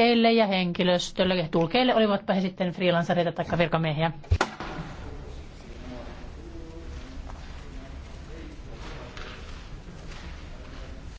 tulkeille ja henkilöstölle, tulkeille olivatpa he sitten freelancereita tai virkamiehiä.